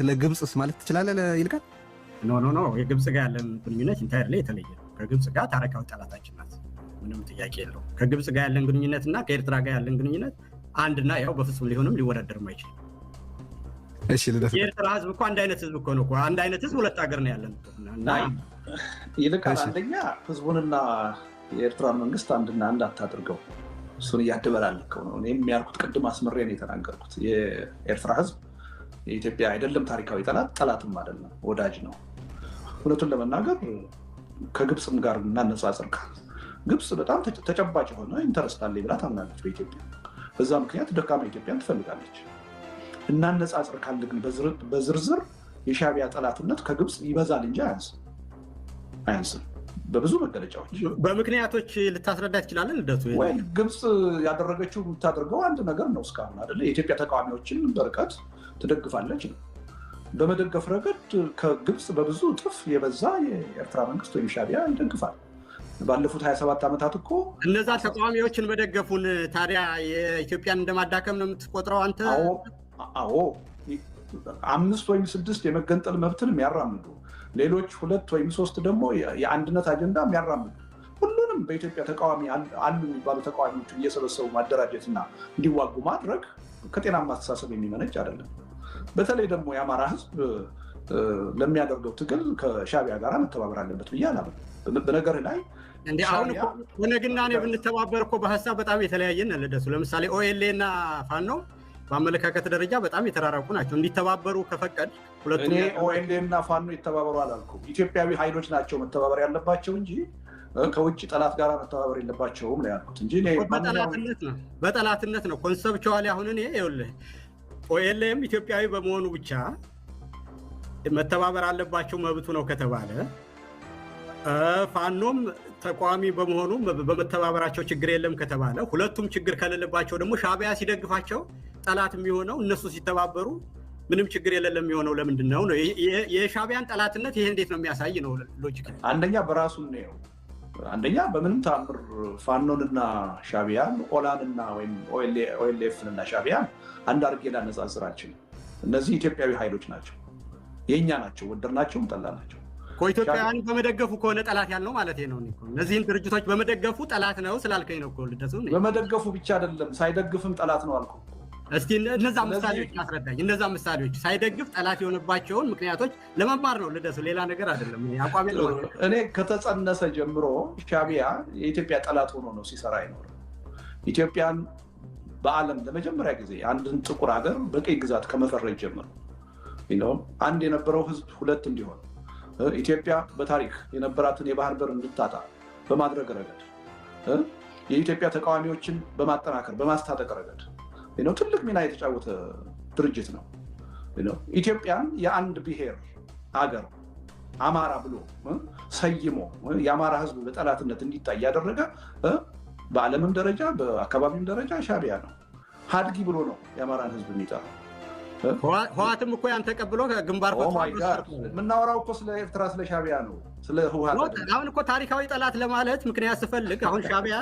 ስለ ግብፅስ ማለት ትችላለህ? ይልቃል ኖ ኖ ኖ የግብፅ ጋር ያለን ግንኙነት ላይ የተለየ ነው። ከግብፅ ጋር ታሪካዊ ጠላታችን ናት። ምንም ጥያቄ የለው። ከግብፅ ጋር ያለን ግንኙነት እና ከኤርትራ ጋር ያለን ግንኙነት አንድና ያው በፍጹም ሊሆንም ሊወዳደርም አይችልም። የኤርትራ ህዝብ እኮ አንድ አይነት ህዝብ እኮ ነው። አንድ አይነት ህዝብ ሁለት ሀገር ነው ያለን። ይልቃል አንደኛ ህዝቡንና የኤርትራ መንግስት አንድና አንድ አታድርገው። እሱን እያደበላለከው ነው። እኔም ያልኩት ቅድም አስምሬ ነው የተናገርኩት የኤርትራ ህዝብ የኢትዮጵያ አይደለም ታሪካዊ ጠላት፣ ጠላትም አይደለም ወዳጅ ነው። እውነቱን ለመናገር ከግብፅም ጋር እናነጻጽር። ግብፅ በጣም ተጨባጭ የሆነ ኢንተረስት አለ ብላ ታምናለች በኢትዮጵያ። በዛ ምክንያት ደካማ ኢትዮጵያን ትፈልጋለች። እናነጻጽር ካለ ግን በዝርዝር የሻቢያ ጠላትነት ከግብፅ ይበዛል እንጂ አያንስም አያንስም። በብዙ መገለጫዎች በምክንያቶች ልታስረዳ ትችላለን። ልደቱ ወይ ግብፅ ያደረገችው የምታደርገው አንድ ነገር ነው እስካሁን አይደለ? የኢትዮጵያ ተቃዋሚዎችን በርቀት ትደግፋለች ነው። በመደገፍ ረገድ ከግብፅ በብዙ እጥፍ የበዛ የኤርትራ መንግስት ወይም ሻቢያ ይደግፋል። ባለፉት 27 ዓመታት እኮ እነዛ ተቃዋሚዎችን መደገፉን ታዲያ የኢትዮጵያን እንደማዳከም ነው የምትቆጥረው አንተ? አዎ አምስት ወይም ስድስት የመገንጠል መብትን የሚያራምዱ ሌሎች ሁለት ወይም ሶስት ደግሞ የአንድነት አጀንዳ የሚያራምዱ ሁሉንም በኢትዮጵያ ተቃዋሚ አሉ የሚባሉ ተቃዋሚዎች እየሰበሰቡ ማደራጀትና እንዲዋጉ ማድረግ ከጤናማ አስተሳሰብ የሚመነጭ አይደለም። በተለይ ደግሞ የአማራ ሕዝብ ለሚያደርገው ትግል ከሻቢያ ጋር መተባበር አለበት ብዬ አላምንም። በነገር ላይ እንደ አሁን ኦነግና ብንተባበር እኮ በሀሳብ በጣም የተለያየን ለደሱ ለምሳሌ ኦኤልኤ እና ፋኖ በአመለካከት ደረጃ በጣም የተራራቁ ናቸው። እንዲተባበሩ ከፈቀድ ሁለቱም ኦኤልኤም ፋኖ ይተባበሩ አላልኩም። ኢትዮጵያዊ ኃይሎች ናቸው መተባበር ያለባቸው እንጂ ከውጭ ጠላት ጋር መተባበር የለባቸውም ነው ያልኩት እንጂ በጠላትነት ነው በጠላትነት ነው ኮንሰፕቹዋሊ። አሁን እኔ ይኸውልህ ኦኤልኤም ኢትዮጵያዊ በመሆኑ ብቻ መተባበር አለባቸው መብቱ ነው ከተባለ ፋኖም ተቋሚ በመሆኑ በመተባበራቸው ችግር የለም ከተባለ ሁለቱም ችግር ከሌለባቸው ደግሞ ሻቢያ ሲደግፋቸው ጠላት የሚሆነው እነሱ ሲተባበሩ ምንም ችግር የሌለም የሚሆነው ለምንድን ነው ነው የሻቢያን ጠላትነት ይሄ እንዴት ነው የሚያሳይ ነው ሎጂክ አንደኛ በራሱ ነው አንደኛ በምንም ተአምር ፋኖንና ሻቢያን ኦላንና ወይም ኦኤልኤፍንና ሻቢያን አንድ አርጌ ላነጻጽራችን እነዚህ ኢትዮጵያዊ ኃይሎች ናቸው የእኛ ናቸው ጠላ ናቸው ኢትዮጵያውያን በመደገፉ ከሆነ ጠላት ያለው ማለት ነው። እነዚህን ድርጅቶች በመደገፉ ጠላት ነው ስላልከኝ ነው። በመደገፉ ብቻ አይደለም፣ ሳይደግፍም ጠላት ነው አልኩ። እስኪ እነዛ ምሳሌዎች አስረዳኝ። እነዛ ምሳሌዎች ሳይደግፍ ጠላት የሆነባቸውን ምክንያቶች ለመማር ነው ልደሱ፣ ሌላ ነገር አይደለም። አቋሚ እኔ ከተጸነሰ ጀምሮ ሻቢያ የኢትዮጵያ ጠላት ሆኖ ነው ሲሰራ አይኖር። ኢትዮጵያን በዓለም ለመጀመሪያ ጊዜ አንድን ጥቁር ሀገር በቀይ ግዛት ከመፈረጅ ጀምሮ አንድ የነበረው ህዝብ ሁለት እንዲሆን ኢትዮጵያ በታሪክ የነበራትን የባህር በር እንድታጣ በማድረግ ረገድ የኢትዮጵያ ተቃዋሚዎችን በማጠናከር በማስታጠቅ ረገድ ትልቅ ሚና የተጫወተ ድርጅት ነው። ኢትዮጵያን የአንድ ብሔር አገር አማራ ብሎ ሰይሞ የአማራ ሕዝብ በጠላትነት እንዲታይ ያደረገ በዓለምም ደረጃ በአካባቢም ደረጃ ሻቢያ ነው። ሀድጊ ብሎ ነው የአማራን ሕዝብ የሚጠራው። ህዋትም እኮ ያን ተቀብሎ ግንባር የምናወራው እኮ ስለ ኤርትራ ስለ ሻቢያ ነው። ስለ ህወሓት አሁን እኮ ታሪካዊ ጠላት ለማለት ምክንያት ስፈልግ አሁን ሻቢያ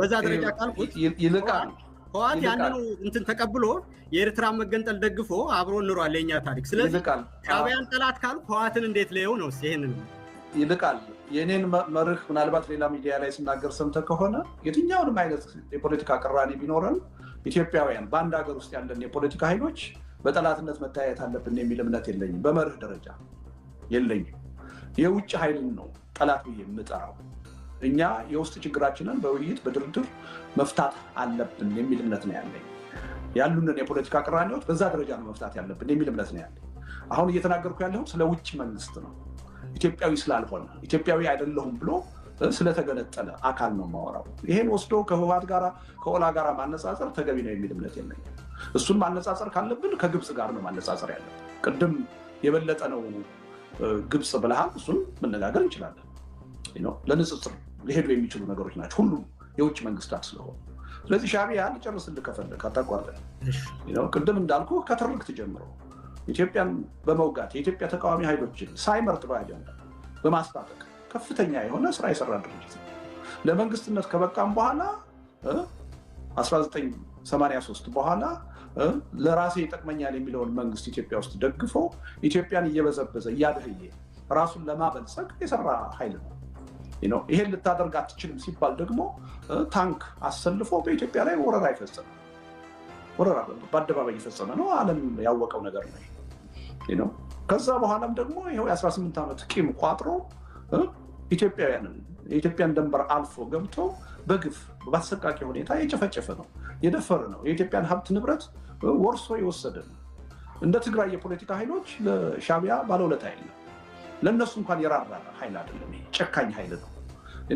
በዛ ደረጃ ካልኩት ይልቃል ህወሓት ያንን እንትን ተቀብሎ የኤርትራ መገንጠል ደግፎ አብሮ እንሯል የኛ ታሪክ። ስለዚህ ሻዕቢያን ጠላት ካሉ ህዋትን እንዴት ለየው ነው? ይህንን ይልቃል። የእኔን መርህ ምናልባት ሌላ ሚዲያ ላይ ስናገር ሰምተ ከሆነ የትኛውንም አይነት የፖለቲካ ቅራኔ ቢኖረን ኢትዮጵያውያን በአንድ ሀገር ውስጥ ያለን የፖለቲካ ኃይሎች በጠላትነት መታየት አለብን የሚል እምነት የለኝም። በመርህ ደረጃ የለኝም። የውጭ ኃይልን ነው ጠላት ብዬ የምጠራው። እኛ የውስጥ ችግራችንን በውይይት በድርድር መፍታት አለብን የሚል እምነት ነው ያለኝ። ያሉንን የፖለቲካ ቅራኔዎች በዛ ደረጃ ነው መፍታት ያለብን የሚል እምነት ነው ያለኝ። አሁን እየተናገርኩ ያለሁት ስለ ውጭ መንግስት ነው። ኢትዮጵያዊ ስላልሆነ ኢትዮጵያዊ አይደለሁም ብሎ ስለተገነጠለ አካል ነው የማወራው። ይሄን ወስዶ ከህወሓት ጋር ከኦላ ጋር ማነፃፀር ተገቢ ነው የሚል እምነት የለኝ። እሱን ማነፃፀር ካለብን ከግብፅ ጋር ነው ማነፃፀር ያለ። ቅድም የበለጠ ነው ግብፅ ብልሃል፣ እሱን መነጋገር እንችላለን ለንጽጽር ሊሄዱ የሚችሉ ነገሮች ናቸው፣ ሁሉም የውጭ መንግስታት ስለሆኑ። ስለዚህ ሻዕቢያ ሊጨርስልህ ከፈለግ አታቋርጥ። ቅድም እንዳልኩ ከትርክት ጀምሮ ኢትዮጵያን በመውጋት የኢትዮጵያ ተቃዋሚ ሀይሎችን ሳይመርጥ በአጀንዳ በማስታጠቅ ከፍተኛ የሆነ ስራ የሰራ ድርጅት ነው። ለመንግስትነት ከበቃም በኋላ 1983 በኋላ ለራሴ ይጠቅመኛል የሚለውን መንግስት ኢትዮጵያ ውስጥ ደግፎ ኢትዮጵያን እየበዘበዘ እያደህየ ራሱን ለማበልጸግ የሰራ ኃይል ነው። ይሄን ልታደርግ አትችልም ሲባል ደግሞ ታንክ አሰልፎ በኢትዮጵያ ላይ ወረራ ይፈጸመ ወረራ በአደባባይ እየፈጸመ ነው። ዓለም ያወቀው ነገር ነው። ከዛ በኋላም ደግሞ ይኸው የ18 ዓመት ቂም ቋጥሮ ኢትዮጵያውያንን የኢትዮጵያን ደንበር አልፎ ገብቶ በግፍ በአሰቃቂ ሁኔታ የጨፈጨፈ ነው፣ የደፈረ ነው፣ የኢትዮጵያን ሀብት ንብረት ወርሶ የወሰደ ነው። እንደ ትግራይ የፖለቲካ ኃይሎች ለሻቢያ ባለውለታ የለም። ለእነሱ እንኳን የራራ ኃይል አይደለም። ጨካኝ ኃይል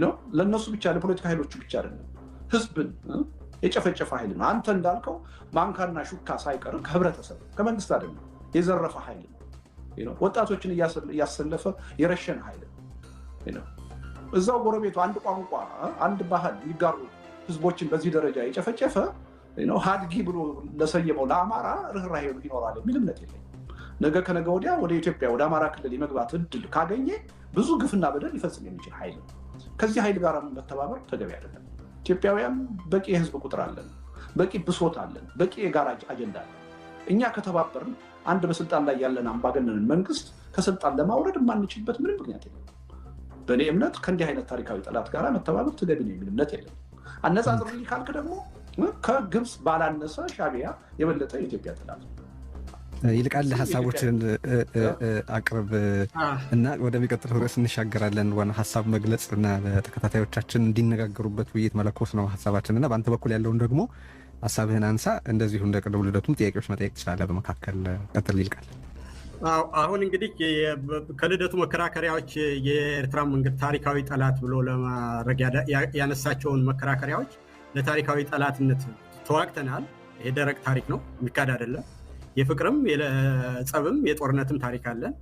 ነው። ለእነሱ ብቻ ለፖለቲካ ኃይሎቹ ብቻ አይደለም፣ ህዝብን የጨፈጨፈ ኃይል ነው። አንተ እንዳልከው ማንካና ሹካ ሳይቀርም ከህብረተሰብ ከመንግስት አይደለም የዘረፈ ኃይል ነው። ወጣቶችን እያሰለፈ የረሸን ኃይል ነው። እዛው ጎረቤቱ አንድ ቋንቋ፣ አንድ ባህል የሚጋሩ ህዝቦችን በዚህ ደረጃ የጨፈጨፈ ሀድጊ ብሎ ለሰየመው ለአማራ ርኅራሄ ይኖራል የሚል እምነት የለኝም። ነገ ከነገ ወዲያ ወደ ኢትዮጵያ ወደ አማራ ክልል የመግባት እድል ካገኘ ብዙ ግፍና በደል ሊፈጽም የሚችል ኃይል ነው። ከዚህ ኃይል ጋር መተባበር ተገቢ አይደለም። ኢትዮጵያውያን በቂ የህዝብ ቁጥር አለን፣ በቂ ብሶት አለን፣ በቂ የጋራ አጀንዳ አለን። እኛ ከተባበርን አንድ በስልጣን ላይ ያለን አምባገነንን መንግስት ከስልጣን ለማውረድ የማንችልበት ምንም ምክንያት የለም። በእኔ እምነት ከእንዲህ አይነት ታሪካዊ ጠላት ጋር መተባበር ተገቢ ነው የሚል እምነት የለም። አነጻጽር ካልክ ደግሞ ከግብፅ ባላነሰ ሻቢያ የበለጠ የኢትዮጵያ ጠላት ነው። ይልቃል ሀሳቦችን አቅርብ እና ወደሚቀጥለው ርዕስ እንሻገራለን። ዋና ሀሳብ መግለጽ እና ተከታታዮቻችን እንዲነጋገሩበት ውይይት መለኮስ ነው ሀሳባችን እና በአንተ በኩል ያለውን ደግሞ ሀሳብህን አንሳ። እንደዚሁ እንደ ቅድም ልደቱም ጥያቄዎች መጠየቅ ትችላለህ። በመካከል ቀጥል ይልቃል። አሁን እንግዲህ ከልደቱ መከራከሪያዎች የኤርትራ መንግስት ታሪካዊ ጠላት ብሎ ለማድረግ ያነሳቸውን መከራከሪያዎች ለታሪካዊ ጠላትነት ተዋግተናል። ይሄ ደረቅ ታሪክ ነው፣ የሚካድ አይደለም። የፍቅርም የጸብም የጦርነትም ታሪክ አለን።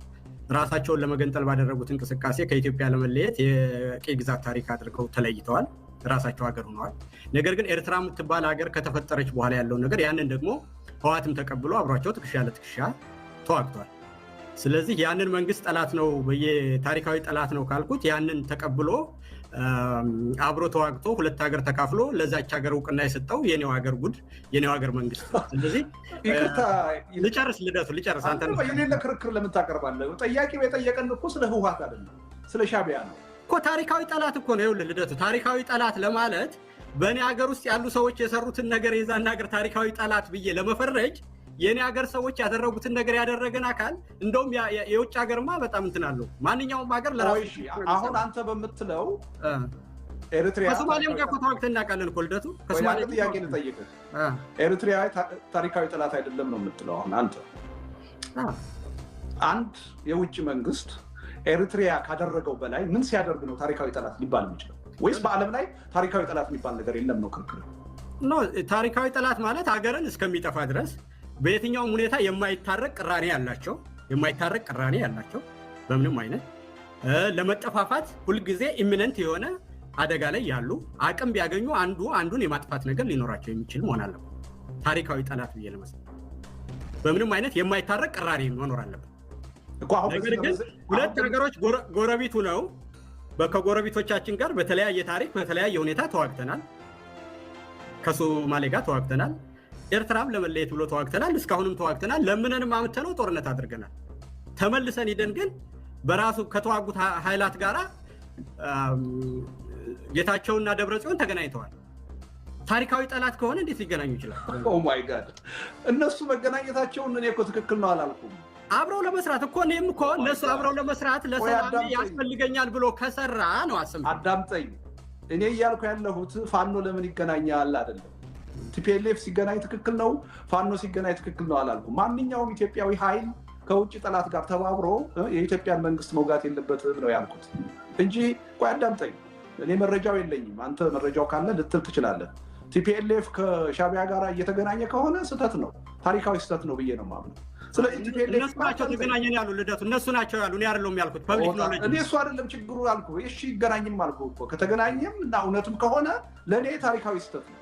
ራሳቸውን ለመገንጠል ባደረጉት እንቅስቃሴ ከኢትዮጵያ ለመለየት የቅኝ ግዛት ታሪክ አድርገው ተለይተዋል። ራሳቸው ሀገር ሆነዋል። ነገር ግን ኤርትራ የምትባል ሀገር ከተፈጠረች በኋላ ያለው ነገር ያንን ደግሞ ህዋትም ተቀብሎ አብሯቸው ትከሻ ለትከሻ ተዋግቷል። ስለዚህ ያንን መንግስት ጠላት ነው ታሪካዊ ጠላት ነው ካልኩት ያንን ተቀብሎ አብሮ ተዋግቶ ሁለት ሀገር ተካፍሎ ለዛች ሀገር እውቅና የሰጠው የኔው ሀገር ጉድ የኔው ሀገር መንግስት ነው። ስለዚህ ልጨርስ፣ ልደቱ ልጨርስ። አንተ የሌለ ክርክር ለምን ታቀርባለህ? ጠያቂው የጠየቀን እኮ ስለ ህወሓት አይደለም ስለ ሻቢያ ነው እኮ። ታሪካዊ ጠላት እኮ ነው። ይኸውልህ ልደቱ፣ ታሪካዊ ጠላት ለማለት በእኔ ሀገር ውስጥ ያሉ ሰዎች የሰሩትን ነገር የዛን ሀገር ታሪካዊ ጠላት ብዬ ለመፈረጅ የእኔ ሀገር ሰዎች ያደረጉትን ነገር ያደረገን አካል እንደውም የውጭ ሀገርማ በጣም እንትን አለው። ማንኛውም ሀገር ለራሱ አሁን አንተ በምትለው ኤሪትሪያ ከሶማሌም ጋር እኮ ተዋግተን እናውቃለን እኮ ልደቱ። ከሶማሌ ጥያቄ ልጠይቅህ። ኤሪትሪያ ታሪካዊ ጠላት አይደለም ነው የምትለው አሁን አንተ። አንድ የውጭ መንግስት ኤሪትሪያ ካደረገው በላይ ምን ሲያደርግ ነው ታሪካዊ ጠላት ሊባል የሚችለው? ወይስ በዓለም ላይ ታሪካዊ ጠላት የሚባል ነገር የለም ነው ክርክር? ታሪካዊ ጠላት ማለት ሀገርን እስከሚጠፋ ድረስ በየትኛውም ሁኔታ የማይታረቅ ቅራኔ ያላቸው የማይታረቅ ቅራኔ ያላቸው በምንም አይነት ለመጠፋፋት ሁልጊዜ ኢሚነንት የሆነ አደጋ ላይ ያሉ አቅም ቢያገኙ አንዱ አንዱን የማጥፋት ነገር ሊኖራቸው የሚችል መሆን አለበት። ታሪካዊ ጠላት ብዬ ለመስ በምንም አይነት የማይታረቅ ቅራኔ መኖር አለበት። ነገር ግን ሁለት ሀገሮች ጎረቤቱ ነው። ከጎረቤቶቻችን ጋር በተለያየ ታሪክ በተለያየ ሁኔታ ተዋግተናል። ከሶማሌ ጋር ተዋግተናል። ኤርትራም ለመለየት ብሎ ተዋግተናል። እስካሁንም ተዋግተናል። ለምነንም አምተነው ጦርነት አድርገናል። ተመልሰን ሂደን ግን በራሱ ከተዋጉት ኃይላት ጋር ጌታቸውና ደብረ ጽዮን ተገናኝተዋል። ታሪካዊ ጠላት ከሆነ እንዴት ሊገናኙ ይችላል? Oh እነሱ መገናኘታቸውን እኔ እኮ ትክክል ነው አላልኩም። አብረው ለመስራት እኮ እኔም እኮ እነሱ አብረው ለመስራት ለሰላም ያስፈልገኛል ብሎ ከሰራ ነው። አስም አዳምጠኝ። እኔ እያልኩ ያለሁት ፋኖ ለምን ይገናኛል አይደለም ቲፒኤልኤፍ ሲገናኝ ትክክል ነው፣ ፋኖ ሲገናኝ ትክክል ነው አላልኩ። ማንኛውም ኢትዮጵያዊ ኃይል ከውጭ ጠላት ጋር ተባብሮ የኢትዮጵያን መንግስት መውጋት የለበትም ነው ያልኩት እንጂ ቆይ አዳምጠኝ። እኔ መረጃው የለኝም፣ አንተ መረጃው ካለ ልትል ትችላለህ። ቲፒኤልኤፍ ከሻቢያ ጋር እየተገናኘ ከሆነ ስህተት ነው፣ ታሪካዊ ስህተት ነው ብዬ ነው የማምነው። እነሱ ናቸው ተገናኘን ያሉ ልደቱ፣ እነሱ ናቸው ያሉ፣ እኔ አይደለሁም ያልኩት። ፐብሊክ እኔ እሱ አይደለም ችግሩ አልኩ። እሺ ይገናኝም አልኩ እኮ ከተገናኘም እና እውነትም ከሆነ ለእኔ ታሪካዊ ስህተት ነው።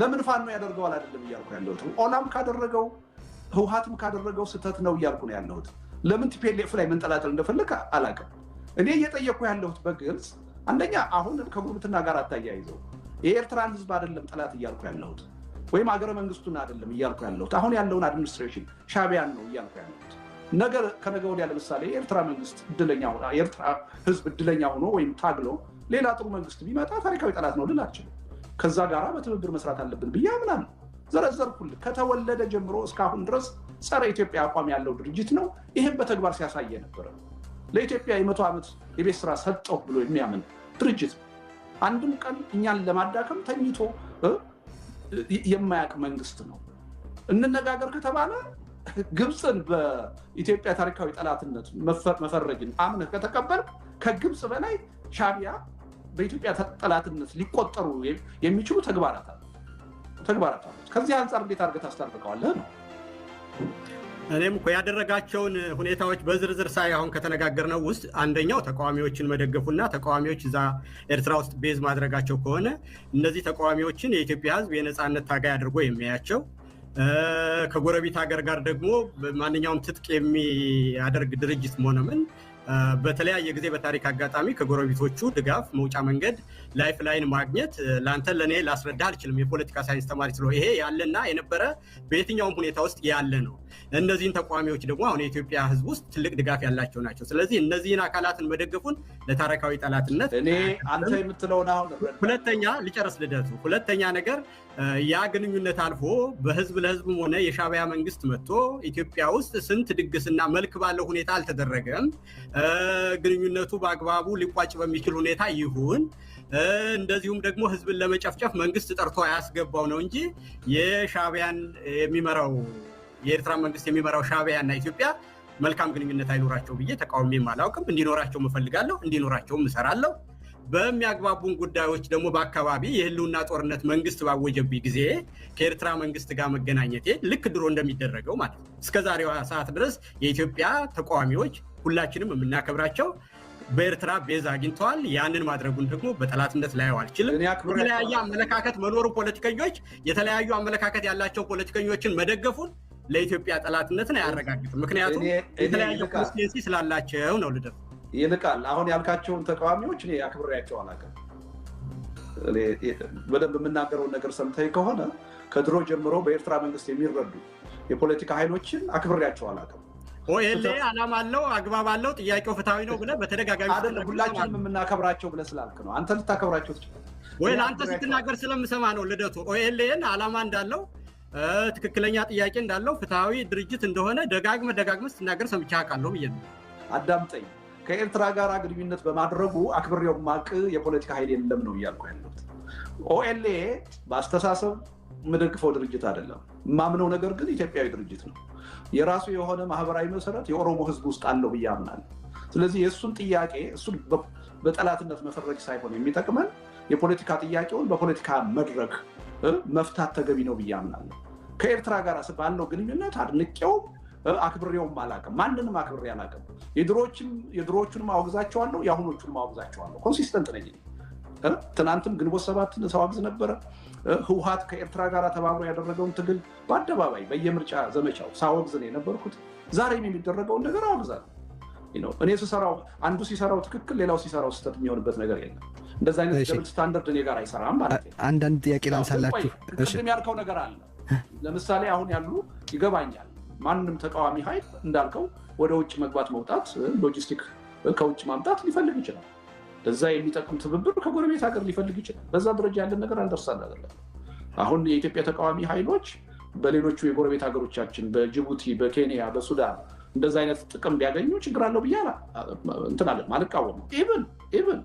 ለምን ፋኖ ያደርገዋል አይደለም እያልኩ ያለሁት። ኦላም ካደረገው ህውሀትም ካደረገው ስህተት ነው እያልኩ ነው ያለሁት። ለምን ቲፒኤልኤፍ ላይ መንጠላጠል እንደፈለግ አላውቅም። እኔ እየጠየቅኩ ያለሁት በግልጽ አንደኛ አሁን ከጉርብትና ጋር አታያይዘው። የኤርትራን ህዝብ አይደለም ጠላት እያልኩ ያለሁት፣ ወይም አገረ መንግስቱን አይደለም እያልኩ ያለሁት። አሁን ያለውን አድሚኒስትሬሽን ሻቢያን ነው እያልኩ ያለሁት። ነገ ከነገ ወዲያ ለምሳሌ የኤርትራ መንግስት እድለኛ የኤርትራ ህዝብ እድለኛ ሆኖ ወይም ታግሎ ሌላ ጥሩ መንግስት ቢመጣ ታሪካዊ ጠላት ነው ልላችልም ከዛ ጋር በትብብር መስራት አለብን ብዬ አምናለሁ። ዘረዘርኩል ከተወለደ ጀምሮ እስካሁን ድረስ ጸረ ኢትዮጵያ አቋም ያለው ድርጅት ነው። ይህም በተግባር ሲያሳየ ነበረ። ለኢትዮጵያ የመቶ ዓመት የቤት ስራ ሰጠው ብሎ የሚያምን ድርጅት አንድም ቀን እኛን ለማዳከም ተኝቶ የማያውቅ መንግስት ነው። እንነጋገር ከተባለ ግብፅን በኢትዮጵያ ታሪካዊ ጠላትነት መፈረጅን አምነህ ከተቀበል ከግብፅ በላይ ሻቢያ በኢትዮጵያ ጠላትነት ሊቆጠሩ የሚችሉ ተግባራት ተግባራት አሉት። ከዚህ አንጻር እንዴት አድርገህ ታስታርቀዋለህ ነው። እኔም እኮ ያደረጋቸውን ሁኔታዎች በዝርዝር ሳይ አሁን ከተነጋገርነው ውስጥ አንደኛው ተቃዋሚዎችን መደገፉና ተቃዋሚዎች እዛ ኤርትራ ውስጥ ቤዝ ማድረጋቸው ከሆነ እነዚህ ተቃዋሚዎችን የኢትዮጵያ ሕዝብ የነፃነት ታጋይ አድርጎ የሚያያቸው ከጎረቤት ሀገር ጋር ደግሞ ማንኛውም ትጥቅ የሚያደርግ ድርጅት መሆነ ምን በተለያየ ጊዜ በታሪክ አጋጣሚ ከጎረቤቶቹ ድጋፍ መውጫ መንገድ ላይፍ ላይን ማግኘት ለአንተ ለእኔ ላስረዳ አልችልም። የፖለቲካ ሳይንስ ተማሪ ስለ ይሄ ያለና የነበረ በየትኛውም ሁኔታ ውስጥ ያለ ነው። እነዚህን ተቋሚዎች ደግሞ አሁን የኢትዮጵያ ሕዝብ ውስጥ ትልቅ ድጋፍ ያላቸው ናቸው። ስለዚህ እነዚህን አካላትን መደገፉን ለታሪካዊ ጠላትነት እኔ አንተ የምትለውን አሁን ሁለተኛ ልጨርስ ልደቱ ሁለተኛ ነገር ያ ግንኙነት አልፎ በህዝብ ለህዝብም ሆነ የሻቢያ መንግስት መጥቶ ኢትዮጵያ ውስጥ ስንት ድግስና መልክ ባለው ሁኔታ አልተደረገም። ግንኙነቱ በአግባቡ ሊቋጭ በሚችል ሁኔታ ይሁን እንደዚሁም ደግሞ ህዝብን ለመጨፍጨፍ መንግስት ጠርቶ ያስገባው ነው እንጂ የሻቢያን የሚመራው የኤርትራ መንግስት የሚመራው ሻቢያና ኢትዮጵያ መልካም ግንኙነት አይኖራቸው ብዬ ተቃውሜም አላውቅም። እንዲኖራቸው እፈልጋለሁ፣ እንዲኖራቸውም እሰራለሁ። በሚያግባቡን ጉዳዮች ደግሞ በአካባቢ የህልውና ጦርነት መንግስት ባወጀብኝ ጊዜ ከኤርትራ መንግስት ጋር መገናኘቴ ልክ ድሮ እንደሚደረገው ማለት ነው። እስከ ዛሬዋ ሰዓት ድረስ የኢትዮጵያ ተቃዋሚዎች ሁላችንም የምናከብራቸው በኤርትራ ቤዝ አግኝተዋል። ያንን ማድረጉን ደግሞ በጠላትነት ላየው አልችልም። የተለያየ አመለካከት መኖሩ ፖለቲከኞች የተለያዩ አመለካከት ያላቸው ፖለቲከኞችን መደገፉን ለኢትዮጵያ ጠላትነትን አያረጋግጥም። ምክንያቱም የተለያየ ኮንስቴንሲ ስላላቸው ነው። ልደት ይልቃል አሁን ያልካቸውን ተቃዋሚዎች እኔ አክብሬያቸው አላውቅም። በደንብ የምናገረውን ነገር ሰምተኝ ከሆነ ከድሮ ጀምሮ በኤርትራ መንግስት የሚረዱ የፖለቲካ ኃይሎችን አክብሬያቸው አላውቅም። ኦኤል አላማ አለው አግባብ አለው ጥያቄው ፍትሐዊ ነው ብለህ በተደጋጋሚ አይደለም ሁላችንም የምናከብራቸው ብለህ ስላልክ ነው። አንተ ልታከብራቸው ወይ አንተ ስትናገር ስለምሰማ ነው። ልደቱ ኦኤልኤን አላማ እንዳለው ትክክለኛ ጥያቄ እንዳለው ፍትሐዊ ድርጅት እንደሆነ ደጋግመህ ደጋግመህ ስትናገር ሰምቼ አውቃለሁ ብዬ ነው። አዳምጠኝ። ከኤርትራ ጋር ግንኙነት በማድረጉ አክብሬው ማቅ የፖለቲካ ኃይል የለም ነው እያልኩ ያለሁት። ኦኤልኤ በአስተሳሰብ የምደግፈው ድርጅት አይደለም። የማምነው ነገር ግን ኢትዮጵያዊ ድርጅት ነው። የራሱ የሆነ ማህበራዊ መሰረት የኦሮሞ ህዝብ ውስጥ አለው ብዬ አምናለሁ። ስለዚህ የእሱን ጥያቄ እሱን በጠላትነት መፈረጅ ሳይሆን የሚጠቅመን የፖለቲካ ጥያቄውን በፖለቲካ መድረክ መፍታት ተገቢ ነው ብዬ አምናለሁ። ከኤርትራ ጋር ባለው ግንኙነት አድንቄውም አክብሬውም አላቅም። ማንንም አክብሬ አላቅም። የድሮዎቹንም አወግዛቸዋለሁ፣ የአሁኖቹንም አወግዛቸዋለሁ። ኮንሲስተንት ነኝ። ትናንትም ግንቦት ሰባትን ተዋግዝ ነበረ። ህውሀት ከኤርትራ ጋር ተባብሮ ያደረገውን ትግል በአደባባይ በየምርጫ ዘመቻው ሳወግዝ ነው የነበርኩት። ዛሬም የሚደረገውን ነገር አወግዛለሁ። እኔ ስሰራው አንዱ ሲሰራው ትክክል፣ ሌላው ሲሰራው ስህተት የሚሆንበት ነገር የለም። እንደዚ አይነት ደብል እኔ ጋር አይሰራም ማለት ነው። አንዳንድ ጥያቄ ላንሳላችሁ። ቅድም ያልከው ነገር አለ። ለምሳሌ አሁን ያሉ ይገባኛል። ማንም ተቃዋሚ ኃይል እንዳልከው ወደ ውጭ መግባት መውጣት፣ ሎጂስቲክ ከውጭ ማምጣት ሊፈልግ ይችላል ለዛ የሚጠቅም ትብብር ከጎረቤት ሀገር ሊፈልግ ይችላል። በዛ ደረጃ ያለን ነገር አንደርሳን ነገር አሁን የኢትዮጵያ ተቃዋሚ ኃይሎች በሌሎቹ የጎረቤት ሀገሮቻችን በጅቡቲ፣ በኬንያ፣ በሱዳን እንደዛ አይነት ጥቅም ቢያገኙ ችግር አለው ብዬ እንትን አለ አልቃወምም። ኢብን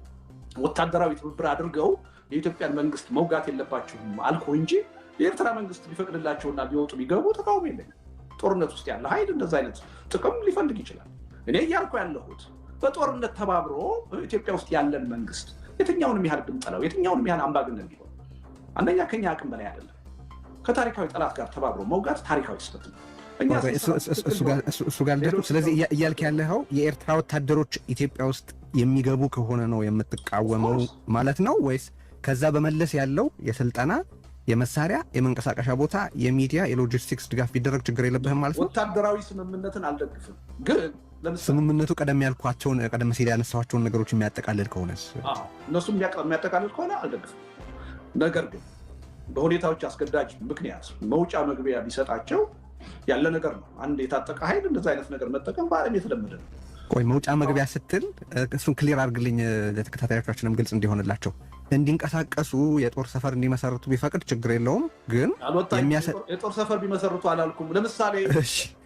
ወታደራዊ ትብብር አድርገው የኢትዮጵያን መንግስት መውጋት የለባችሁም አልኩ እንጂ የኤርትራ መንግስት ቢፈቅድላቸውና ቢወጡ ቢገቡ ተቃውሞ የለኝም። ጦርነት ውስጥ ያለ ኃይል እንደዛ አይነት ጥቅም ሊፈልግ ይችላል። እኔ እያልኩ ያለሁት በጦርነት ተባብሮ ኢትዮጵያ ውስጥ ያለን መንግስት የትኛውንም ያህል ብንጠላው የትኛውንም ያህል አምባገነን ቢሆን አንደኛ ከኛ አቅም በላይ አይደለም። ከታሪካዊ ጠላት ጋር ተባብሮ መውጋት ታሪካዊ ስህተት ነው። እሱ ጋር ልደቱ። ስለዚህ እያልክ ያለኸው የኤርትራ ወታደሮች ኢትዮጵያ ውስጥ የሚገቡ ከሆነ ነው የምትቃወመው ማለት ነው ወይስ ከዛ በመለስ ያለው የስልጠና የመሳሪያ የመንቀሳቀሻ ቦታ፣ የሚዲያ፣ የሎጂስቲክስ ድጋፍ ቢደረግ ችግር የለብህም ማለት ነው። ወታደራዊ ስምምነትን አልደግፍም፣ ግን ስምምነቱ ቀደም ያልኳቸውን ቀደም ሲል ያነሳቸውን ነገሮች የሚያጠቃልል ከሆነ እነሱ የሚያጠቃልል ከሆነ አልደግፍም። ነገር ግን በሁኔታዎች አስገዳጅ ምክንያት መውጫ መግቢያ ቢሰጣቸው ያለ ነገር ነው። አንድ የታጠቀ ኃይል እንደዚ አይነት ነገር መጠቀም በዓለም የተለመደ ነው። ቆይ መውጫ መግቢያ ስትል እሱን ክሊር አድርግልኝ ለተከታታዮቻችንም ግልጽ እንዲሆንላቸው እንዲንቀሳቀሱ የጦር ሰፈር እንዲመሰርቱ ቢፈቅድ ችግር የለውም። ግን የጦር ሰፈር ቢመሰርቱ አላልኩም። ለምሳሌ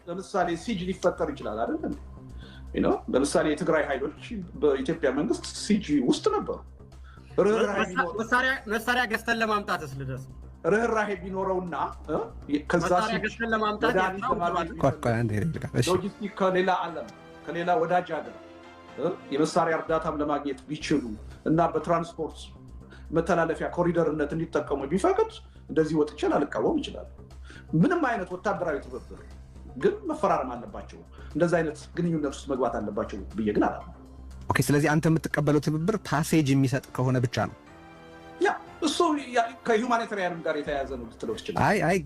ለምሳሌ ሲጅ ሊፈጠር ይችላል አይደለም? ለምሳሌ የትግራይ ኃይሎች በኢትዮጵያ መንግስት ሲጅ ውስጥ ነበሩ። መሳሪያ ገዝተን ለማምጣት ስልደስ ርኅራሄ ቢኖረውና ከዛ ሎጂስቲክ ከሌላ ዓለም ከሌላ ወዳጅ ሀገር የመሳሪያ እርዳታም ለማግኘት ቢችሉ እና በትራንስፖርት መተላለፊያ ኮሪደርነት እንዲጠቀሙ ቢፈቅድ እንደዚህ ወጥቼ ላልቃወም ይችላል። ምንም አይነት ወታደራዊ ትብብር ግን መፈራረም አለባቸው። እንደዚ አይነት ግንኙነት ውስጥ መግባት አለባቸው ብዬ ግን አላ ኦኬ። ስለዚህ አንተ የምትቀበለው ትብብር ፓሴጅ የሚሰጥ ከሆነ ብቻ ነው። ያ እሱ ከሁማኒታሪያንም ጋር የተያያዘ ነው ልትለው ትችላለህ። አይ አይ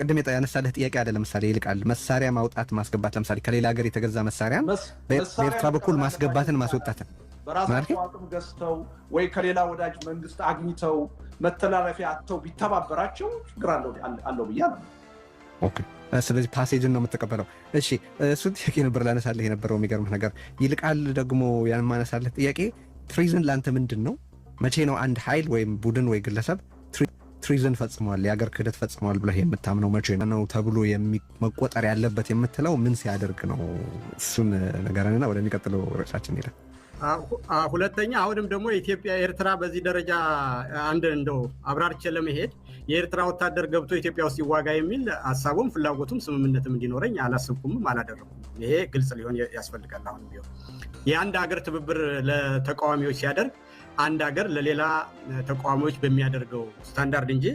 ቅድም ያነሳለህ ጥያቄ አለ። ለምሳሌ ይልቃል መሳሪያ ማውጣት ማስገባት፣ ለምሳሌ ከሌላ ሀገር የተገዛ መሳሪያን በኤርትራ በኩል ማስገባትን ማስወጣትን በራሳቸው አቅም ገዝተው ወይ ከሌላ ወዳጅ መንግስት አግኝተው መተላለፊያ አተው ቢተባበራቸው ችግር አለው ብያ ነው። ስለዚህ ፓሴጅን ነው የምትቀበለው? እሺ፣ እሱ ጥያቄ ነበር ላነሳለህ የነበረው። የሚገርምህ ነገር ይልቃል ደግሞ ያን ማነሳለህ ጥያቄ ትሪዝን ለአንተ ምንድን ነው? መቼ ነው አንድ ኃይል ወይም ቡድን ወይ ግለሰብ ትሪዝን ፈጽሟል፣ የአገር ክህደት ፈጽሟል ብለህ የምታምነው መቼ ነው ተብሎ መቆጠር ያለበት የምትለው ምን ሲያደርግ ነው? እሱን ነገርንና ወደሚቀጥለው ርዕሳችን ሄደ ሁለተኛ አሁንም ደግሞ ኢትዮጵያ ኤርትራ በዚህ ደረጃ አንድ እንደው አብራርቼ ለመሄድ የኤርትራ ወታደር ገብቶ ኢትዮጵያ ውስጥ ይዋጋ የሚል ሀሳቡም ፍላጎቱም ስምምነትም እንዲኖረኝ አላስብኩምም አላደረኩም። ይሄ ግልጽ ሊሆን ያስፈልጋል። አሁን ቢሆን የአንድ ሀገር ትብብር ለተቃዋሚዎች ሲያደርግ አንድ ሀገር ለሌላ ተቃዋሚዎች በሚያደርገው ስታንዳርድ እንጂ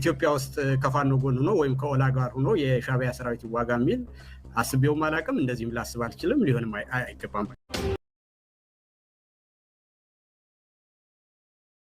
ኢትዮጵያ ውስጥ ከፋኖ ጎን ሆኖ ወይም ከኦላ ጋር ሆኖ የሻቢያ ሰራዊት ይዋጋ የሚል አስቤውም አላቅም። እንደዚህም ላስብ አልችልም፣ ሊሆንም አይገባም።